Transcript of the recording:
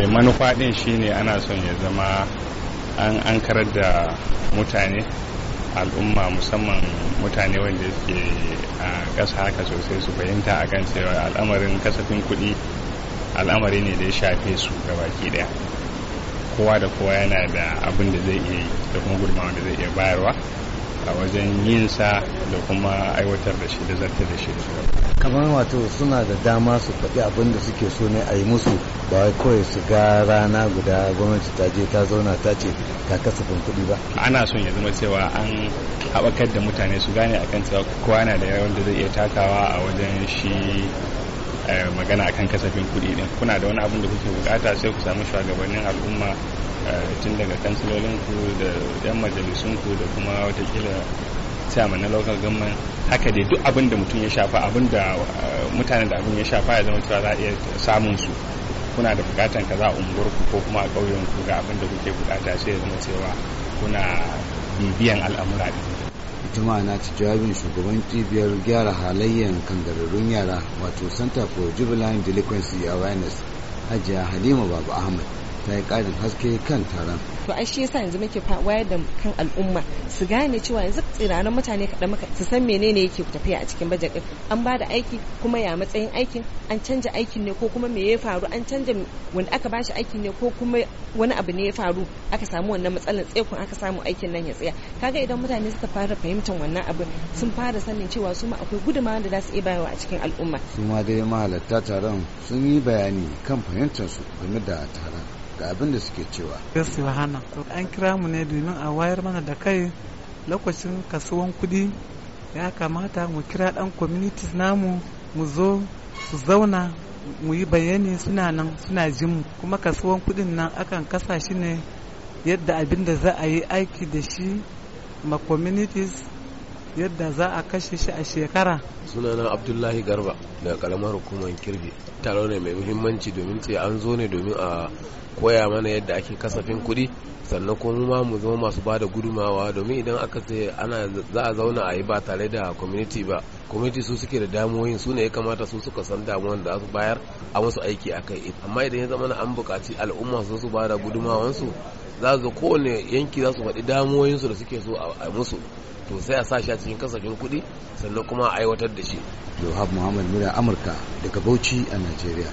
Eh, manufa din shine ana son ya zama an ankarar da mutane al'umma musamman mutane wanda ke a ƙasa haka sosai su fahimta akan cewa al'amarin kasafin kuɗi al'amari ne da ya shafe su gabaki ɗaya kowa da kowa yana da abin da zai iya yi da kuma gudunmawa da zai iya bayarwa a wajen yin sa da kuma aiwatar da shi da zartar da shi kamar wato suna da dama su faɗi abin da suke so ne a yi musu ba kawai su ga rana guda gwamnati ta je ta zauna ta ce ta kasafin kuɗi ba ana son ya zama cewa an haɓakar da mutane su gane akan cewa kowa na da yawan da zai iya takawa a wajen shi magana akan kasafin kuɗi din kuna da wani abin da kuke bukata sai ku samu shugabannin al'umma eh, tun daga kansilolin ku da yan majalisun ku da kuma watakila chairman na local government haka dai duk abin da mutum ya shafa abin da eh, mutanen da abin ya shafa ya zama cewa za a iya samun su kuna da bukatan kaza a ku ko kuma a ƙauyen ku ga abin da kuke bukata sai ya zama cewa kuna bibiyan al'amura din juma'a na ci jawabin shugaban cibiyar gyara halayyar kangararrun yara wato center for juvenile delinquency awareness hajiya halima babu ahmad ta yi ƙarin haske kan taron. To ai shi yasa yanzu muke wayar da kan al'umma su gane cewa yanzu tsiranan mutane kaɗan maka su san menene yake tafiya a cikin bajet ɗin an ba da aiki kuma ya matsayin aikin an canja aikin ne ko kuma me ya faru an canja wanda aka bashi aikin ne ko kuma wani abu ne ya faru aka samu wannan matsalar tsekun aka samu aikin nan ya tsaya kaga idan mutane suka fara fahimtar wannan abu sun fara sanin cewa su ma akwai gudunmawa da za su iya bayarwa a cikin al'umma. su ma dai mahalarta taron sun yi bayani kan fahimtar su game da taron ga abin da suke cewa. Yesu Yohana, an kira mu ne domin a wayar mana da kai lokacin kasuwan kuɗi ya kamata mu kira ɗan communities namu mu zo su zauna mu yi bayani suna nan suna jin mu kuma kasuwan kuɗin nan akan kasa shi ne yadda abin da za a yi aiki da shi ma communities yadda za a kashe shi a shekara sunana abdullahi garba daga karamar hukumar kirbi taro ne mai muhimmanci domin ce an zo ne domin a koya mana yadda ake kasafin kuɗi sannan kuma mu zama masu bada gudumawa domin idan aka ce ana za a zauna a yi ba tare da community ba community su suke da damuwoyin su ne ya kamata su suka san damuwan da su bayar a wasu aiki a kai amma idan ya zama an buƙaci al'umma su su ba da gudumawansu za ko kowane yanki za su faɗi damuwoyinsu da suke so a musu to sai a sashi a cikin kasashen kuɗi sannan kuma a aiwatar da shi. Yohab Muhammad Mura Amurka daga Bauchi a Najeriya.